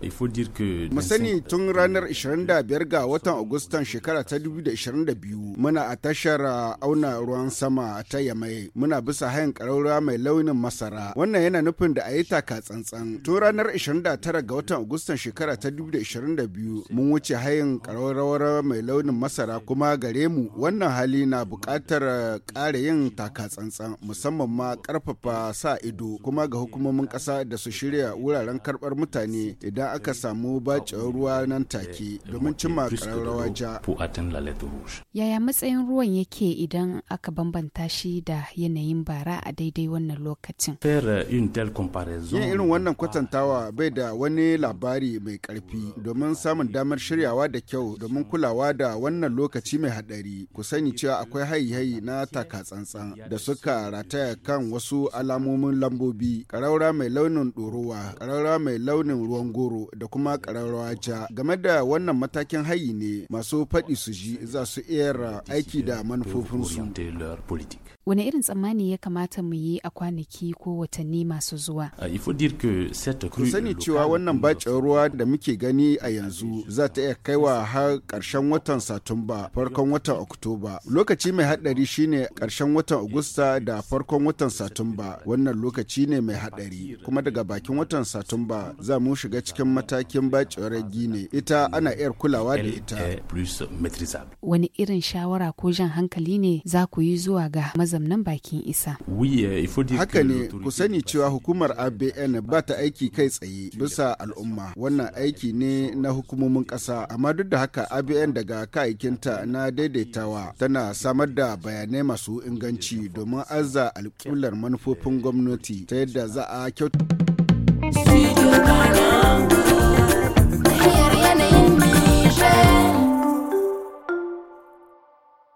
Masani tun ranar 25 ga watan Agustan shekara ta 2022 muna a tashar auna ruwan sama ta Yamai muna bisa hayan ƙaraura mai launin masara. Wannan yana nufin da a yi taka tsantsan. Tun ranar 29 ga watan Agustan shekara ta 2022 mun wuce hayan ƙaraura mai launin masara kuma gare mu wannan hali na buƙatar ƙara yin taka tsantsan musamman ma ƙarfafa sa ido kuma ga hukumomin ƙasa da su shirya wuraren karɓar mutane idan aka samu bacin ruwa nan take domin cimma rawa ja. Yaya matsayin ruwan yake idan aka bambanta shi da yanayin bara a daidai wannan lokacin? Yin irin wannan kwatantawa bai da wani labari mai karfi domin samun damar shiryawa da kyau domin kulawa da wannan lokaci mai haɗari. Ku sani cewa akwai hayi-hayi na taka tsantsan da suka rataya kan wasu alamomin lambobi, karaura mai launin ɗorowa, karaura mai launin ruwan goro. da kuma ƙararrawa ja game da wannan matakin hayi ne masu faɗi su ji za su iya aiki da manufofinsu. wani irin tsammani ya kamata mu yi a kwanaki ko watanni masu zuwa uh, ku sani cewa wannan bacin ruwa da muke gani a yanzu za ta iya kaiwa har ƙarshen watan satumba farkon watan oktoba lokaci mai haɗari shine ƙarshen watan agusta da farkon watan satumba wannan lokaci ne mai haɗari kuma daga bakin watan satumba za mu shiga cikin matakin bacin gine ita ana iya kulawa da ita wani irin shawara ko jan hankali ne za ku yi zuwa ga maza nan bakin isa. Haka ne ku sani cewa hukumar ABN ba ta aiki kai tsaye bisa al'umma wannan aiki ne na hukumomin ƙasa amma duk da haka ABN daga kayakinta na daidaitawa tana samar da bayanai masu inganci domin arza alƙular manufofin gwamnati ta yadda za a kyauta.